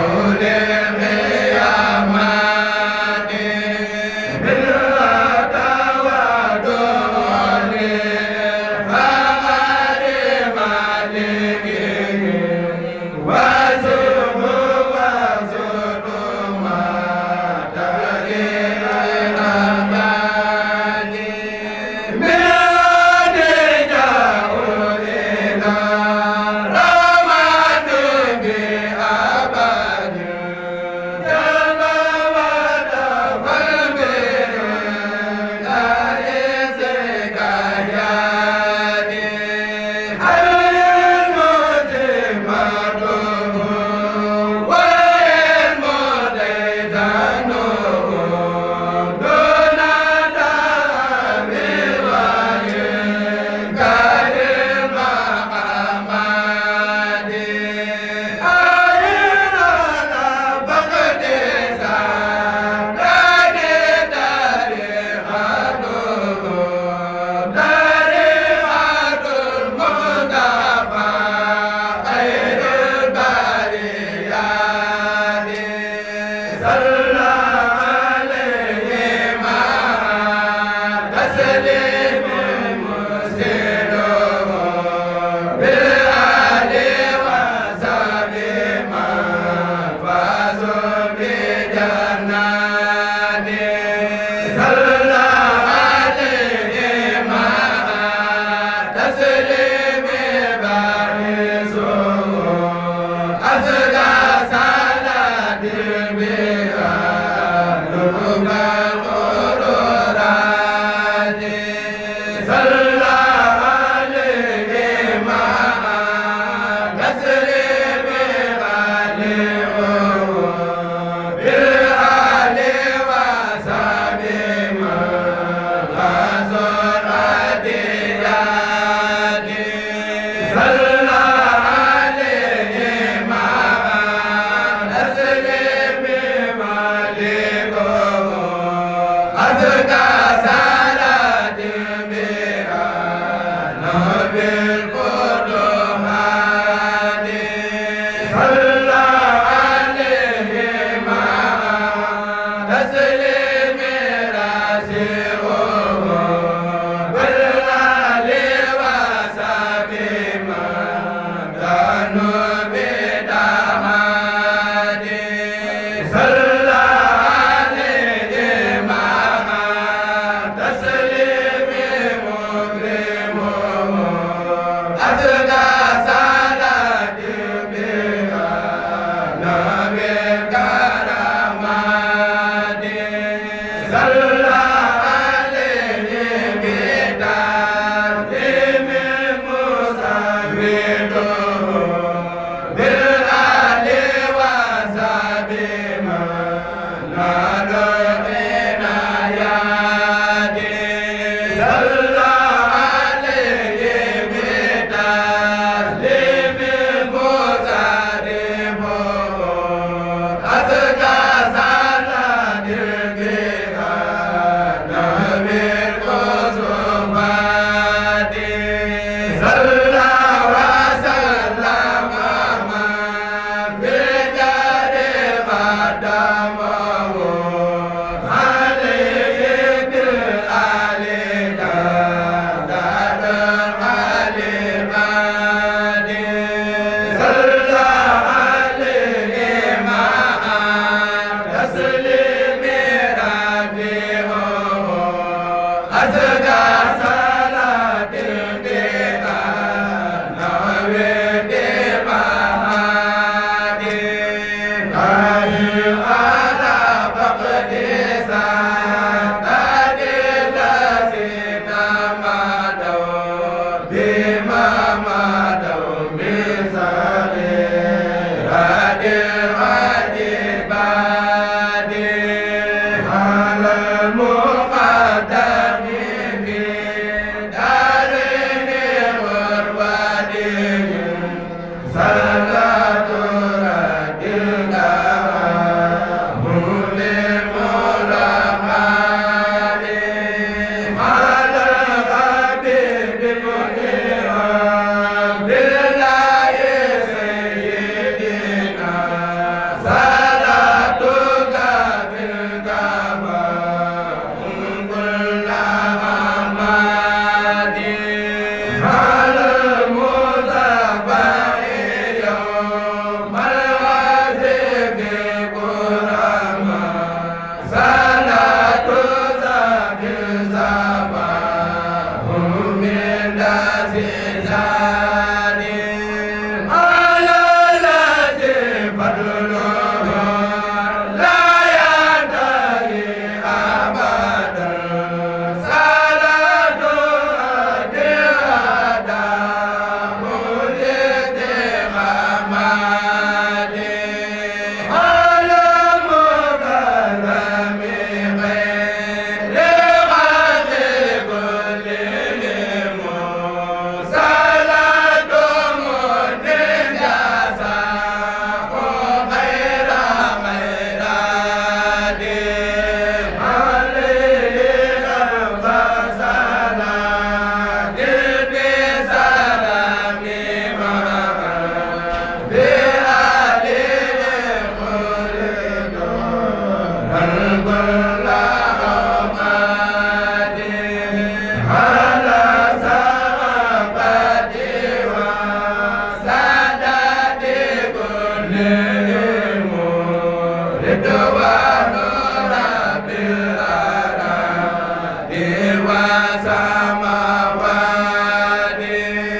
de